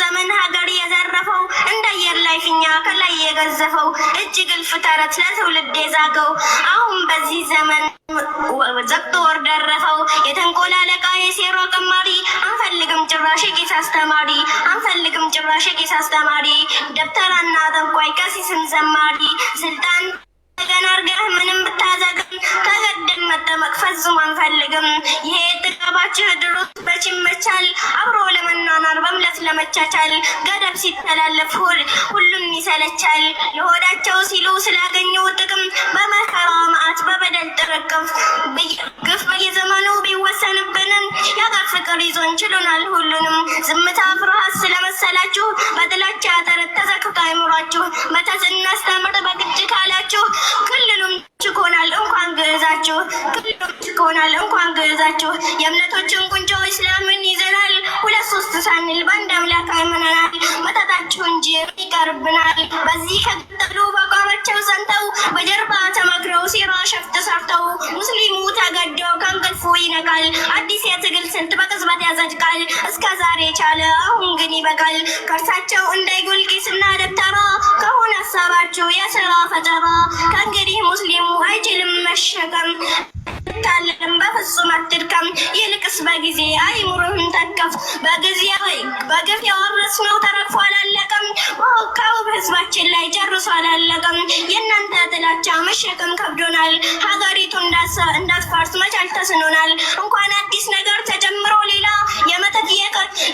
ዘመን ሀገር የዘረፈው እንደ አየር ላይ ፊኛ ከላይ የገዘፈው እጅ ግልፍ ተረት ለትውልድ የዛገው አሁን በዚህ ዘመን ዘግቶ ወር ደረፈው የተንቆላለቃ አለቃ የሴሮ ቀማሪ አንፈልግም ጭራሽ ቄስ አስተማሪ አንፈልግም ጭራሽ ቄስ አስተማሪ ደብተራና ጠንቋይ ቀሲስም ዘማሪ ስልጣን ገና አርገህ ምንም ብታዘግም ተገድም መጠመቅ ፈጽሞ አንፈልግም። ይሄ ጥጋባችሁ ድሮት በችመቻል አብሮ ለመማማር በምለት ለመቻቻል ገደብ ሲተላለፍ ሁሉም ይሰለቻል። ለሆዳቸው ሲሉ ስላገኘው ጥቅም በመከራ መዓት በበደል ጥርቅፍ ግፍ በየዘመኑ ቢወሰንብንም የሀገር ፍቅር ይዞን ችሎናል ሁሉንም። ዝምታ ፍርሃት ስለመሰላችሁ በጥላቻ ተረት ተዘክቶ አይምሯችሁ መተት እናስተምር በግድ ካላችሁ ክልሉም ከሆናል እንኳን ግዕዛችሁ ክልሎች ከሆናል እንኳን ግዕዛችሁ የእምነቶችን ቁንጮ እስላምን ይዘናል። ሁለት ሶስት ሳንል በአንድ አምላክ አምነናል። መጣታችሁ እንጂ ይቀርብናል። በዚህ ከቀጠሉ በቋማቸው ጸንተው በጀርባ ተመክረው ሴራ ሸፍት ያንኮራፍተው ሙስሊሙ ተገደው ከእንቅልፉ ይነቃል። አዲስ የትግል ስልት በቅጽበት ያጸድቃል። እስከ ዛሬ ቻለ አሁን ግን ይበቃል። ከእርሳቸው እንዳይ ጉልጊስ እና ደብተራ ከሆነ ሀሳባችሁ የስራ ፈጠራ ከእንግዲህ ሙስሊሙ አይችልም መሸከም ታለም በፍጹም አትድከም። ይልቅስ በጊዜ አይምሮህን ተከፍ። በጊዜያዊ በግፍ የወረስ ነው ተረፎ አላለቀም። በውካውብ ህዝባችን ላይ ጨርሶ አላለቀም። የእናንተ ጥላቻ መሸከም ከብዶናል። እናት ፓርቲ መች አልተስኖናል። እንኳን አዲስ ነገር ተጀምሮ ሌላ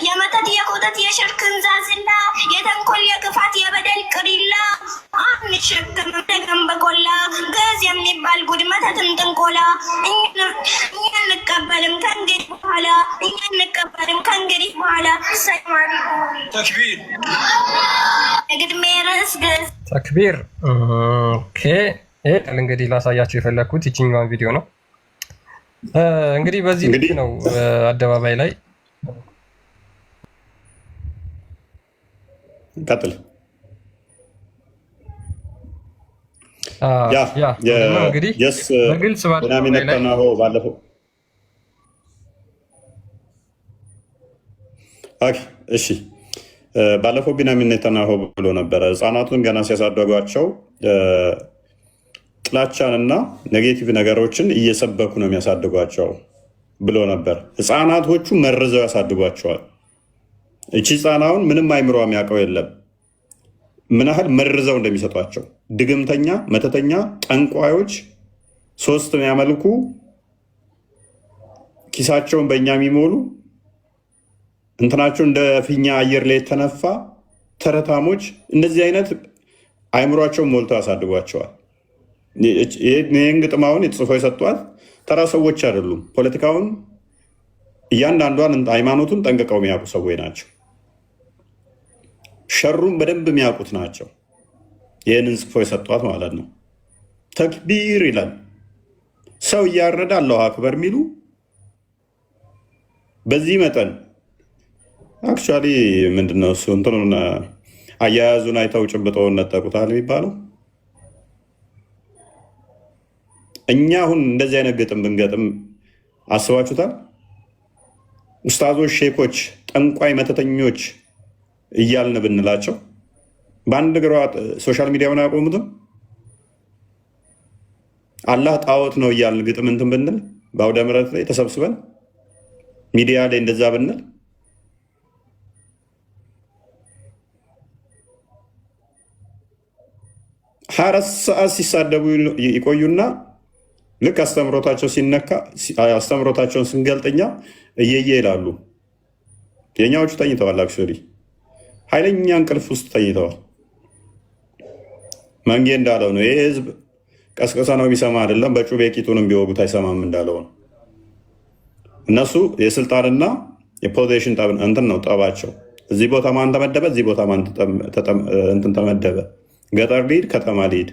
የመተት የቆጠት የሽርክ እንዛዝላ የተንኮል የክፋት የበደል ቅሪላ አንሸከምም ደገም በቆላ ገዝ የሚባል ጉድ መተትም ጥንቆላ እኛ እንቀበልም ከእንግዲህ በኋላ እኛ እንቀበልም ከእንግዲህ በኋላ ሰማሪ ተክቢር ግድሜ ርዕስ ገዝ ተክቢር ኦኬ ይሄ እንግዲህ ላሳያችሁ የፈለግኩት ይችኛዋን ቪዲዮ ነው። እንግዲህ በዚህ ልክ ነው አደባባይ ላይ ቀጥል እንግዲህ ባለፈው እሺ ባለፈው ቢናሚን ኔታንያሁ ብሎ ነበረ ህጻናቱን ገና ሲያሳደጓቸው ጥላቻንና ኔጌቲቭ ነገሮችን እየሰበኩ ነው የሚያሳድጓቸው ብሎ ነበር። ህፃናቶቹ መርዘው ያሳድጓቸዋል። እቺ ህፃናውን ምንም አይምሮ የሚያውቀው የለም። ምን ያህል መርዘው እንደሚሰጧቸው ድግምተኛ፣ መተተኛ፣ ጠንቋዮች፣ ሶስት የሚያመልኩ ኪሳቸውን በእኛ የሚሞሉ እንትናቸው እንደ ፊኛ አየር ላይ የተነፋ ተረታሞች፣ እነዚህ አይነት አይምሯቸውን ሞልተው ያሳድጓቸዋል። ይህን ግጥማውን የተጽፎ የሰጧት ተራ ሰዎች አይደሉም። ፖለቲካውን፣ እያንዳንዷን ሃይማኖቱን ጠንቅቀው የሚያውቁ ሰዎች ናቸው። ሸሩን በደንብ የሚያውቁት ናቸው። ይህንን ጽፎ የሰጧት ማለት ነው። ተክቢር ይላል ሰው እያረደ አላሁ አክበር የሚሉ በዚህ መጠን አክቹዋሊ ምንድነው እሱ እንትኑን አያያዙን አይተው ጭብጠውን ነጠቁታል የሚባለው እኛ አሁን እንደዚህ አይነት ግጥም ብንገጥም አስባችሁታል? ኡስታዞች፣ ሼኮች፣ ጠንቋይ፣ መተተኞች እያልን ብንላቸው በአንድ ግሯ ሶሻል ሚዲያውን አያቆሙትም። አላህ ጣዖት ነው እያልን ግጥም እንትን ብንል በአውደ ምረት ላይ ተሰብስበን ሚዲያ ላይ እንደዛ ብንል ሀያ አራት ሰዓት ሲሳደቡ ይቆዩና ልክ አስተምሮታቸው ሲነካ አስተምሮታቸውን ስንገልጠኛ እየየ ይላሉ። የኛዎቹ ተኝተዋል። አክቹዋሊ ኃይለኛ እንቅልፍ ውስጥ ተኝተዋል። መንጌ እንዳለው ነው ይህ ህዝብ ቀስቀሳ ነው የሚሰማ አይደለም። በጩቤ ቂጡንም ቢወጉት አይሰማም እንዳለው ነው። እነሱ የስልጣንና የፖዚሽን እንትን ነው ጠባቸው። እዚህ ቦታ ማን ተመደበ፣ እዚህ ቦታ ማን እንትን ተመደበ፣ ገጠር ሊድ ከተማ ሊድ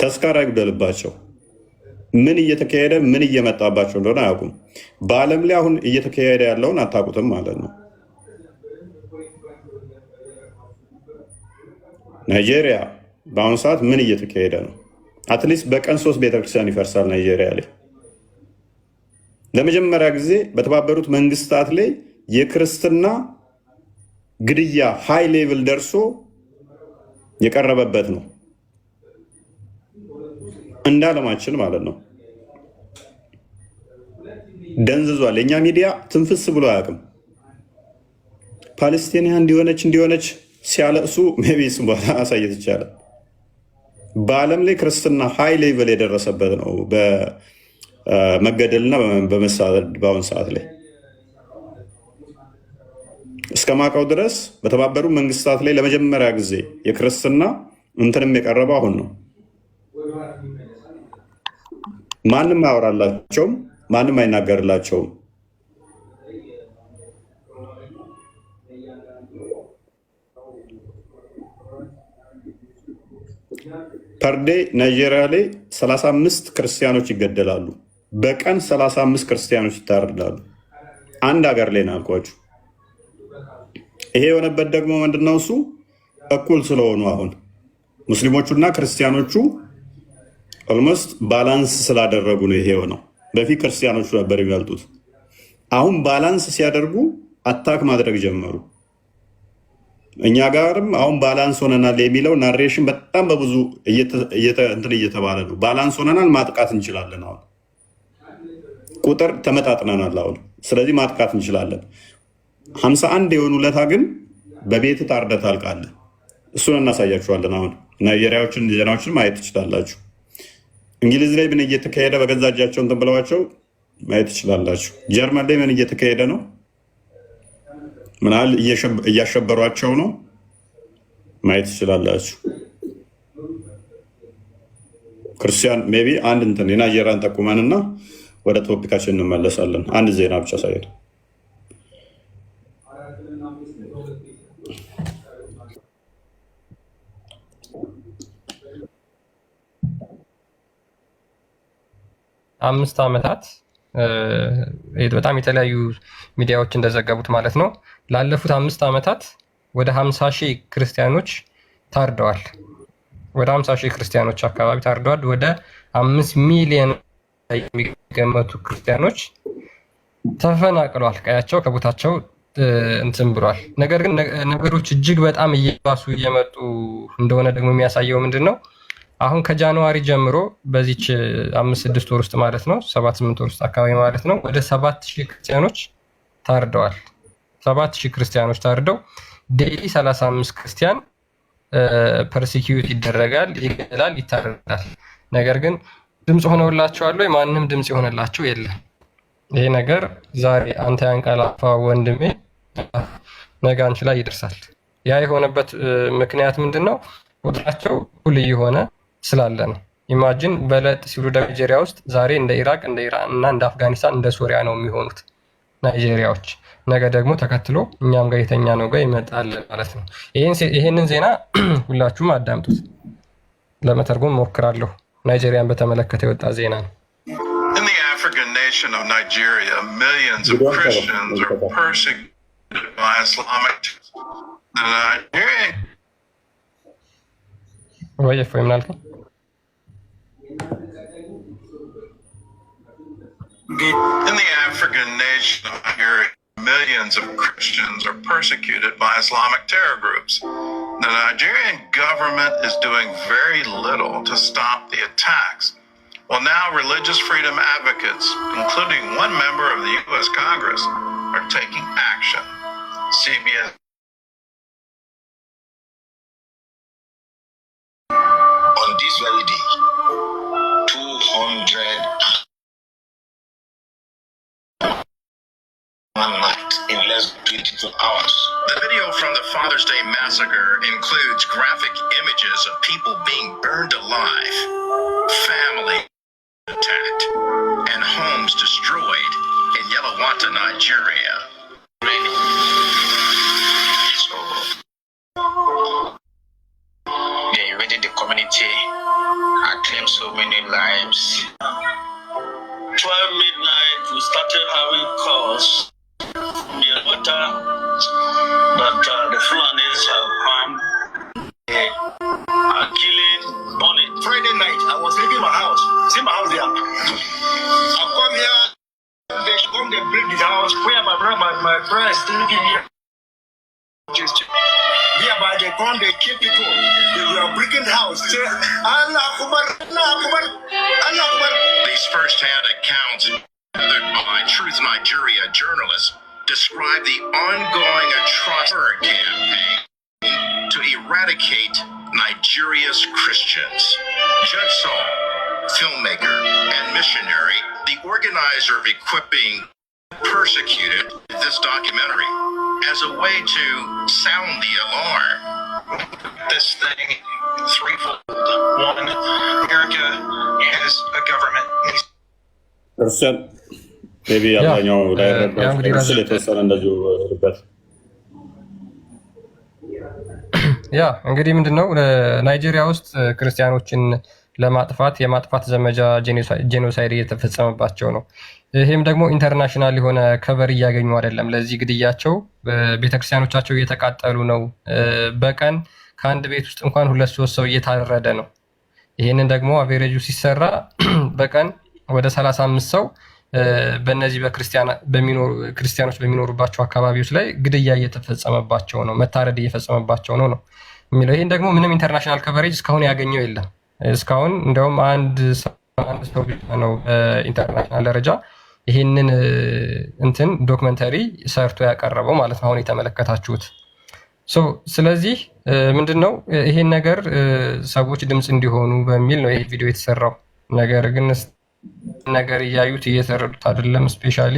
ተስካራ ይግደልባቸው። ምን እየተካሄደ ምን እየመጣባቸው እንደሆነ አያውቁም። በዓለም ላይ አሁን እየተካሄደ ያለውን አታውቁትም ማለት ነው። ናይጄሪያ በአሁኑ ሰዓት ምን እየተካሄደ ነው? አትሊስት በቀን ሶስት ቤተክርስቲያን ይፈርሳል ናይጄሪያ ላይ። ለመጀመሪያ ጊዜ በተባበሩት መንግስታት ላይ የክርስትና ግድያ ሃይ ሌቭል ደርሶ የቀረበበት ነው። እንደ አለማችን ማለት ነው ደንዝዟል። የእኛ ሚዲያ ትንፍስ ብሎ አያውቅም። ፓለስቲኒያ እንዲሆነች እንዲሆነች ሲያለቅሱ ሜቢስ በኋላ ማሳየት ይቻላል። በዓለም ላይ ክርስትና ሀይ ሌቨል የደረሰበት ነው በመገደልና በመሳደድ በአሁን ሰዓት ላይ እስከ ማውቀው ድረስ በተባበሩ መንግስታት ላይ ለመጀመሪያ ጊዜ የክርስትና እንትንም የቀረበ አሁን ነው። ማንም አያወራላቸውም፣ ማንም አይናገርላቸውም። ፐርዴ ናይጄሪያ ላይ 35 ክርስቲያኖች ይገደላሉ። በቀን 35 ክርስቲያኖች ይታረዳሉ። አንድ ሀገር ላይ ነው ይሄ የሆነበት ደግሞ ምንድነው? እሱ እኩል ስለሆኑ አሁን ሙስሊሞቹና ክርስቲያኖቹ ኦልሞስት ባላንስ ስላደረጉ ነው ይሄው ነው። በፊት ክርስቲያኖቹ ነበር የሚበልጡት። አሁን ባላንስ ሲያደርጉ አታክ ማድረግ ጀመሩ። እኛ ጋርም አሁን ባላንስ ሆነናል የሚለው ናሬሽን በጣም በብዙ እንትን እየተባለ ነው። ባላንስ ሆነናል፣ ማጥቃት እንችላለን። አሁን ቁጥር ተመጣጥነናል። አሁን ስለዚህ ማጥቃት እንችላለን። ሀምሳ አንድ የሆኑ ለታ ግን በቤት ታርደህ ታልቃለህ። እሱን እናሳያችኋለን። አሁን ናይጄሪያዎችን ዜናዎችን ማየት ትችላላችሁ። እንግሊዝ ላይ ምን እየተካሄደ በገዛ እጃቸው እንትን ብለዋቸው ማየት ትችላላችሁ። ጀርመን ላይ ምን እየተካሄደ ነው? ምናል እያሸበሯቸው ነው ማየት ትችላላችሁ። ክርስቲያን ሜይ ቢ አንድ እንትን የናይጄሪያን ጠቁመን እና ወደ ቶፒካችን እንመለሳለን። አንድ ዜና ብቻ ሳይሄድ አምስት ዓመታት በጣም የተለያዩ ሚዲያዎች እንደዘገቡት ማለት ነው ላለፉት አምስት ዓመታት ወደ ሀምሳ ሺህ ክርስቲያኖች ታርደዋል። ወደ ሀምሳ ሺህ ክርስቲያኖች አካባቢ ታርደዋል። ወደ አምስት ሚሊዮን የሚገመቱ ክርስቲያኖች ተፈናቅሏል። ቀያቸው ከቦታቸው እንትን ብሏል። ነገር ግን ነገሮች እጅግ በጣም እየባሱ እየመጡ እንደሆነ ደግሞ የሚያሳየው ምንድን ነው አሁን ከጃንዋሪ ጀምሮ በዚች አምስት ስድስት ወር ውስጥ ማለት ነው፣ ሰባት ስምንት ወር ውስጥ አካባቢ ማለት ነው፣ ወደ ሰባት ሺህ ክርስቲያኖች ታርደዋል። ሰባት ሺህ ክርስቲያኖች ታርደው ዴይሊ ሰላሳ አምስት ክርስቲያን ፐርሲኪዩት ይደረጋል፣ ይገላል፣ ይታረዳል። ነገር ግን ድምፅ ሆነውላቸዋል ወይ? ማንም ድምፅ የሆነላቸው የለም። ይሄ ነገር ዛሬ አንተ ያንቀላፋ ወንድሜ ነገ አንቺ ላይ ይደርሳል። ያ የሆነበት ምክንያት ምንድን ነው? ቁጥራቸው ሁል እየሆነ ስላለን ነው። ኢማጂን በለጥ ሲሉ ናይጄሪያ ውስጥ ዛሬ እንደ ኢራቅ፣ እንደ ኢራን እና እንደ አፍጋኒስታን፣ እንደ ሶሪያ ነው የሚሆኑት ናይጄሪያዎች። ነገ ደግሞ ተከትሎ እኛም ጋር የተኛ ነው ጋር ይመጣል ማለት ነው። ይህንን ዜና ሁላችሁም አዳምጡት። ለመተርጎም ሞክራለሁ። ናይጄሪያን በተመለከተ የወጣ ዜና ነው። ወይ ምን ምናልከኝ In the African nation of Nigeria, millions of Christians are persecuted by Islamic terror groups. The Nigerian government is doing very little to stop the attacks. Well, now religious freedom advocates, including one member of the U.S. Congress, are taking action. CBS. On this very day, one night in less than 22 hours. The video from the Father's Day massacre includes graphic images of people being burned alive, family attacked, and homes destroyed in Yelawanta, Nigeria. they come, they kill people. They breaking house. Allah Akbar, Allah Akbar, Allah Akbar. These first-hand accounts gathered by Truth Nigeria journalists describe the ongoing atrocity campaign to eradicate Nigeria's Christians. Judge Saul, filmmaker and missionary, the organizer of equipping persecuted this documentary as a way to sound the alarm. This thing threefold. One, America has a government. ክርስቲያን ሜቢ አብዛኛው uh, ላይ ረዳስል የተወሰነ እንደዚሁ ርበት ያ እንግዲህ ምንድን ነው ናይጄሪያ ውስጥ ክርስቲያኖችን ለማጥፋት የማጥፋት ዘመቻ ጄኖሳይድ እየተፈጸመባቸው ነው። ይሄም ደግሞ ኢንተርናሽናል የሆነ ከበር እያገኙ አይደለም። ለዚህ ግድያቸው ቤተክርስቲያኖቻቸው እየተቃጠሉ ነው። በቀን ከአንድ ቤት ውስጥ እንኳን ሁለት ሶስት ሰው እየታረደ ነው። ይህንን ደግሞ አቬሬጁ ሲሰራ በቀን ወደ ሰላሳ አምስት ሰው በእነዚህ ክርስቲያኖች በሚኖሩባቸው አካባቢዎች ላይ ግድያ እየተፈጸመባቸው ነው፣ መታረድ እየፈጸመባቸው ነው ነው የሚለው። ይህን ደግሞ ምንም ኢንተርናሽናል ከቨሬጅ እስካሁን ያገኘው የለም። እስካሁን እንደውም አንድ ሰው ነው ኢንተርናሽናል ደረጃ ይህንን እንትን ዶክመንተሪ ሰርቶ ያቀረበው ማለት ነው። አሁን የተመለከታችሁት። ስለዚህ ምንድን ነው ይሄን ነገር ሰዎች ድምፅ እንዲሆኑ በሚል ነው ይሄ ቪዲዮ የተሰራው። ነገር ግን ነገር እያዩት እየተረዱት አይደለም። እስፔሻሊ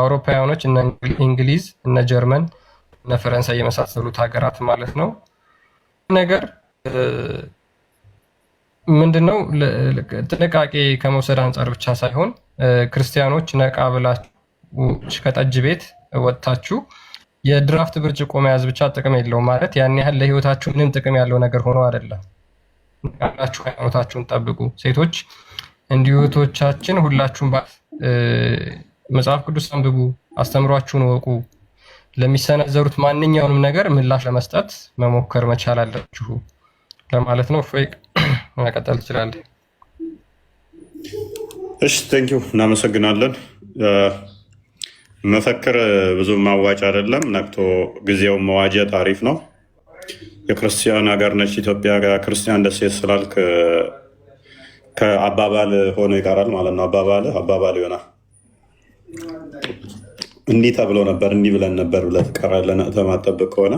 አውሮፓውያኖች እነ እንግሊዝ፣ እነ ጀርመን፣ እነ ፈረንሳይ የመሳሰሉት ሀገራት ማለት ነው ነገር ምንድነው ጥንቃቄ ከመውሰድ አንጻር ብቻ ሳይሆን ክርስቲያኖች ነቃ ብላችሁ ከጠጅ ቤት ወጥታችሁ የድራፍት ብርጭቆ መያዝ ብቻ ጥቅም የለውም ማለት ያን ያህል ለህይወታችሁ ምንም ጥቅም ያለው ነገር ሆኖ አይደለም። ነቃ ሃይማኖታችሁን ጠብቁ። ሴቶች እንዲሁ ሁላችሁን ሁላችሁም መጽሐፍ ቅዱስ አንብቡ፣ አስተምሯችሁን ወቁ። ለሚሰነዘሩት ማንኛውንም ነገር ምላሽ ለመስጠት መሞከር መቻል አለችሁ ለማለት ነው። መቀጠል ትችላለህ። እሺ ቴንኪው፣ እናመሰግናለን። መፈክር ብዙ ማዋጭ አይደለም፣ ነቅቶ ጊዜው መዋጀት አሪፍ ነው። የክርስቲያን ሀገር ነች ኢትዮጵያ። ክርስቲያን ደሴት ስላልክ ከአባባል ሆኖ ይቀራል ማለት ነው። አባባል አባባል ይሆናል። እንዲህ ተብሎ ነበር እንዲህ ብለን ነበር ብለህ ትቀራለህ። ተማጠብቅ ከሆነ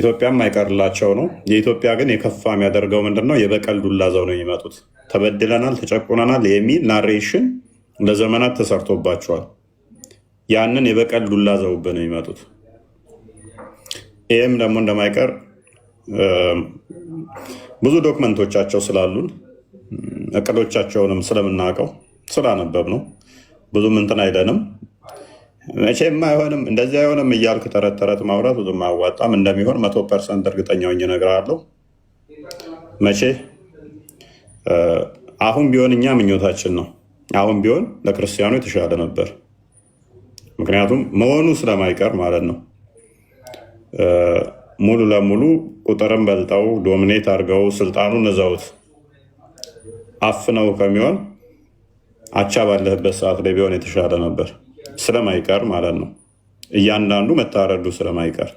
ኢትዮጵያም አይቀርላቸው ነው። የኢትዮጵያ ግን የከፋ የሚያደርገው ምንድነው? የበቀል ዱላ ዘው ነው የሚመጡት። ተበድለናል፣ ተጨቁነናል የሚል ናሬሽን ለዘመናት ተሰርቶባቸዋል። ያንን የበቀል ዱላ ዘውብህ ነው የሚመጡት። ይህም ደግሞ እንደማይቀር ብዙ ዶክመንቶቻቸው ስላሉን እቅዶቻቸውንም ስለምናውቀው ስላነበብ ነው ብዙም እንትን አይለንም። መቼም አይሆንም፣ እንደዚህ አይሆንም እያልክ ተረት ተረት ማውራት ብዙም አዋጣም። እንደሚሆን መቶ ፐርሰንት እርግጠኛ ሆኜ እነግርሃለሁ። መቼ አሁን ቢሆን እኛ ምኞታችን ነው። አሁን ቢሆን ለክርስቲያኑ የተሻለ ነበር። ምክንያቱም መሆኑ ስለማይቀር ማለት ነው። ሙሉ ለሙሉ ቁጥርን በልጠው ዶሚኔት አድርገው ስልጣኑን ንዘውት አፍነው ከሚሆን አቻ ባለህበት ሰዓት ላይ ቢሆን የተሻለ ነበር። ስለማይቀር ማለት ነው። እያንዳንዱ መታረዱ ስለማይቀር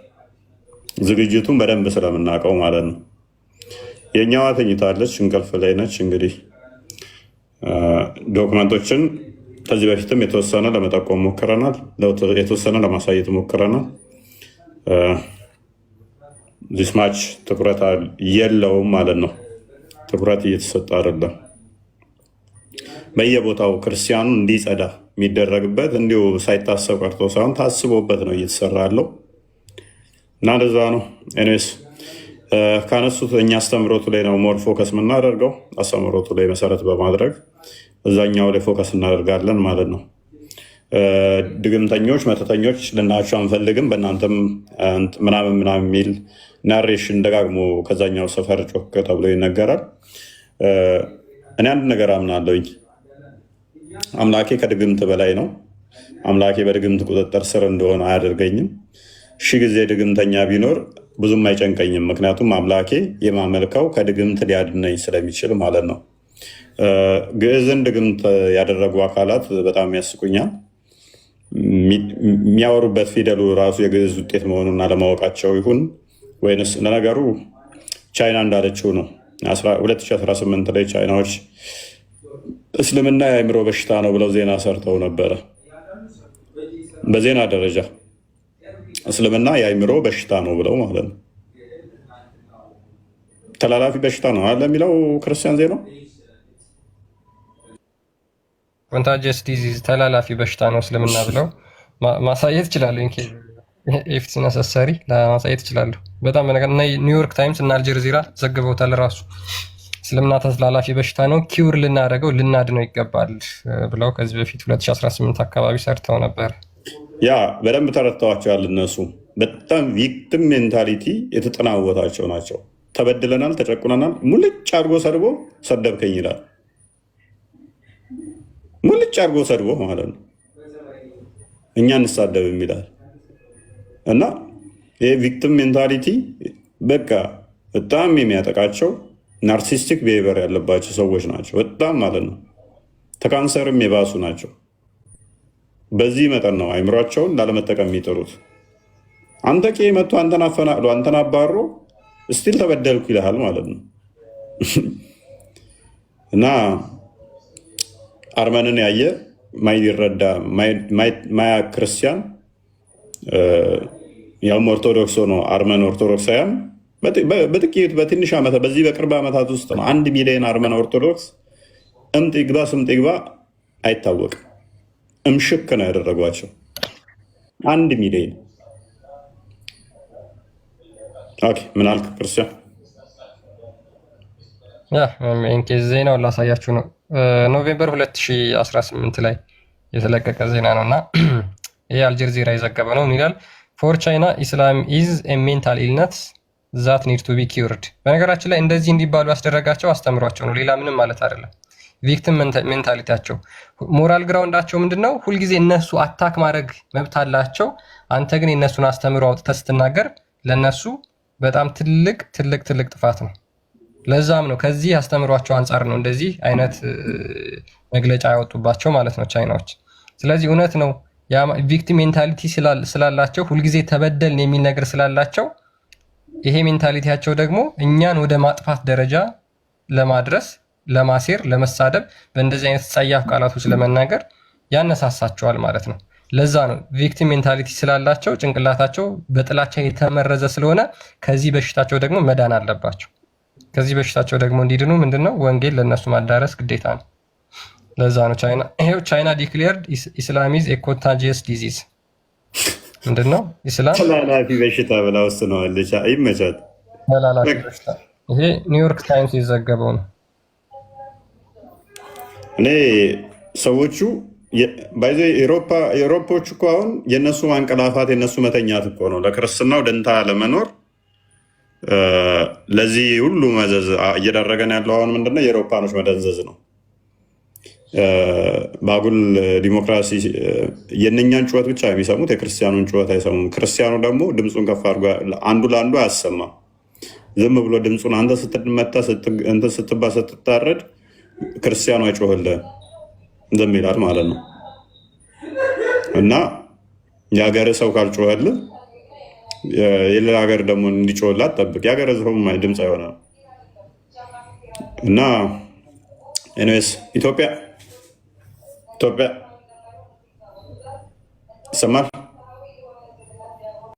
ዝግጅቱን በደንብ ስለምናውቀው ማለት ነው። የእኛዋ ተኝታለች፣ እንቅልፍ ላይ ነች። እንግዲህ ዶክመንቶችን ከዚህ በፊትም የተወሰነ ለመጠቆም ሞክረናል፣ የተወሰነ ለማሳየት ሞክረናል። ዚስማች ትኩረት የለውም ማለት ነው። ትኩረት እየተሰጠ አይደለም። በየቦታው ክርስቲያኑ እንዲጸዳ የሚደረግበት እንዲሁ ሳይታሰብ ቀርቶ ሳይሆን ታስቦበት ነው እየተሰራ ያለው እና እንደዛ ነው። ኤኒዌይስ ካነሱት እኛ አስተምሮቱ ላይ ነው ሞር ፎከስ የምናደርገው አስተምሮቱ ላይ መሰረት በማድረግ እዛኛው ላይ ፎከስ እናደርጋለን ማለት ነው። ድግምተኞች፣ መተተኞች ልናቸው አንፈልግም፣ በእናንተም ምናምን ምናምን የሚል ናሬሽን ደጋግሞ ከዛኛው ሰፈር ጮክ ተብሎ ይነገራል። እኔ አንድ ነገር አምናለሁኝ አምላኬ ከድግምት በላይ ነው። አምላኬ በድግምት ቁጥጥር ስር እንደሆነ አያደርገኝም። ሺ ጊዜ ድግምተኛ ቢኖር ብዙም አይጨንቀኝም። ምክንያቱም አምላኬ የማመልከው ከድግምት ሊያድነኝ ስለሚችል ማለት ነው። ግዕዝን ድግምት ያደረጉ አካላት በጣም ያስቁኛል። የሚያወሩበት ፊደሉ ራሱ የግዕዝ ውጤት መሆኑን አለማወቃቸው ይሁን ወይንስ ለነገሩ ቻይና እንዳለችው ነው። 2018 ላይ ቻይናዎች እስልምና የአእምሮ በሽታ ነው ብለው ዜና ሰርተው ነበረ። በዜና ደረጃ እስልምና የአእምሮ በሽታ ነው ብለው ማለት ነው። ተላላፊ በሽታ ነው አለ የሚለው ክርስቲያን ዜና ኮንታጀስ ዲዚዝ ተላላፊ በሽታ ነው እስልምና ብለው ማሳየት ይችላሉ። ኤፍሲ ነሰሰሪ ለማሳየት ይችላሉ። በጣም ኒውዮርክ ታይምስ እና አልጀርዚራ ዘግበውታል ራሱ እስልምና ተስላላፊ በሽታ ነው፣ ኪውር ልናደርገው ልናድነው ይገባል ብለው ከዚህ በፊት 2018 አካባቢ ሰርተው ነበር። ያ በደንብ ተረድተዋቸዋል። እነሱ በጣም ቪክቲም ሜንታሊቲ የተጠናወታቸው ናቸው። ተበድለናል፣ ተጨቁነናል፣ ሙልጭ አድርጎ ሰድቦ ሰደብከኝ ይላል። ሙልጭ አድርጎ ሰድቦ ማለት ነው። እኛ እንሳደብም ይላል እና ይህ ቪክቲም ሜንታሊቲ በቃ በጣም የሚያጠቃቸው ናርሲስቲክ ቢሄቨር ያለባቸው ሰዎች ናቸው። በጣም ማለት ነው ተካንሰርም የባሱ ናቸው። በዚህ መጠን ነው አይምሯቸውን ላለመጠቀም የሚጥሩት። አንተ ቄ መቶ አንተን አፈናቅሎ አንተን አባሮ ስቲል ተበደልኩ ይልሃል ማለት ነው። እና አርመንን ያየ ማይረዳ ማያ ክርስቲያን ያውም ኦርቶዶክስ ሆኖ አርመን ኦርቶዶክሳውያን በጥቂት በትንሽ ዓመታት በዚህ በቅርብ ዓመታት ውስጥ ነው አንድ ሚሊዮን አርመን ኦርቶዶክስ እምጥ ይግባ ስምጥ ይግባ አይታወቅም። እምሽክ ነው ያደረጓቸው። አንድ ሚሊዮን ምን አልክ ክርስቲያን? ነው ላሳያችሁ ነው። ኖቬምበር 2018 ላይ የተለቀቀ ዜና ነው እና ይህ አልጀዚራ የዘገበ ነው ይላል ፎር ቻይና ኢስላም ኢዝ ሜንታል ኢልነት ዛት ኒድ ቱ ቢ ኪውርድ። በነገራችን ላይ እንደዚህ እንዲባሉ ያስደረጋቸው አስተምሯቸው ነው፣ ሌላ ምንም ማለት አይደለም። ቪክቲም ሜንታሊቲያቸው ሞራል ግራውንዳቸው ምንድን ነው? ሁልጊዜ እነሱ አታክ ማድረግ መብት አላቸው። አንተ ግን የእነሱን አስተምሮ አውጥተህ ስትናገር ለእነሱ በጣም ትልቅ ትልቅ ትልቅ ጥፋት ነው። ለዛም ነው ከዚህ አስተምሯቸው አንጻር ነው እንደዚህ አይነት መግለጫ ያወጡባቸው ማለት ነው ቻይናዎች። ስለዚህ እውነት ነው ቪክቲም ሜንታሊቲ ስላላቸው ሁልጊዜ ተበደልን የሚል ነገር ስላላቸው ይሄ ሜንታሊቲያቸው ደግሞ እኛን ወደ ማጥፋት ደረጃ ለማድረስ ለማሴር፣ ለመሳደብ በእንደዚህ አይነት ጸያፍ ቃላት ውስጥ ለመናገር ያነሳሳቸዋል ማለት ነው። ለዛ ነው ቪክቲም ሜንታሊቲ ስላላቸው ጭንቅላታቸው በጥላቻ የተመረዘ ስለሆነ ከዚህ በሽታቸው ደግሞ መዳን አለባቸው። ከዚህ በሽታቸው ደግሞ እንዲድኑ ምንድን ነው ወንጌል ለእነሱ ማዳረስ ግዴታ ነው። ለዛ ነው ቻይና ይሄው ቻይና ዲክሌርድ ኢስላሚዝ ኤ ዲዚዝ ምንድን ነው ኢስላም ተላላፊ በሽታ ብላ ወስነዋለች። ይመቻት። ተላላፊ በሽታ ይሄ ኒውዮርክ ታይምስ የዘገበው ነው። እኔ ሰዎቹ ባይዘ ኤሮፖች እኮ አሁን የእነሱ ማንቀላፋት የእነሱ መተኛት እኮ ነው ለክርስትናው ደንታ ለመኖር ለዚህ ሁሉ መዘዝ እየደረገን ያለው አሁን ምንድነው የኤሮፓኖች መደንዘዝ ነው። በአጉል ዲሞክራሲ የነኛን ጩኸት ብቻ የሚሰሙት የክርስቲያኑን ጩኸት አይሰሙም። ክርስቲያኑ ደግሞ ድምፁን ከፍ አድርጎ አንዱ ለአንዱ አያሰማም። ዝም ብሎ ድምፁን አንተ ስትመታ እንትን ስትባ ስትታረድ ክርስቲያኑ አይጮህልህም፣ ዝም ይላል ማለት ነው። እና የሀገር ሰው ካልጮኸልህ የሌላ ሀገር ደግሞ እንዲጮህልህ አትጠብቅ። የሀገር ሰው ድምፅ አይሆንም እና ኢትዮጵያ ኢትዮጵያ ይሰማል።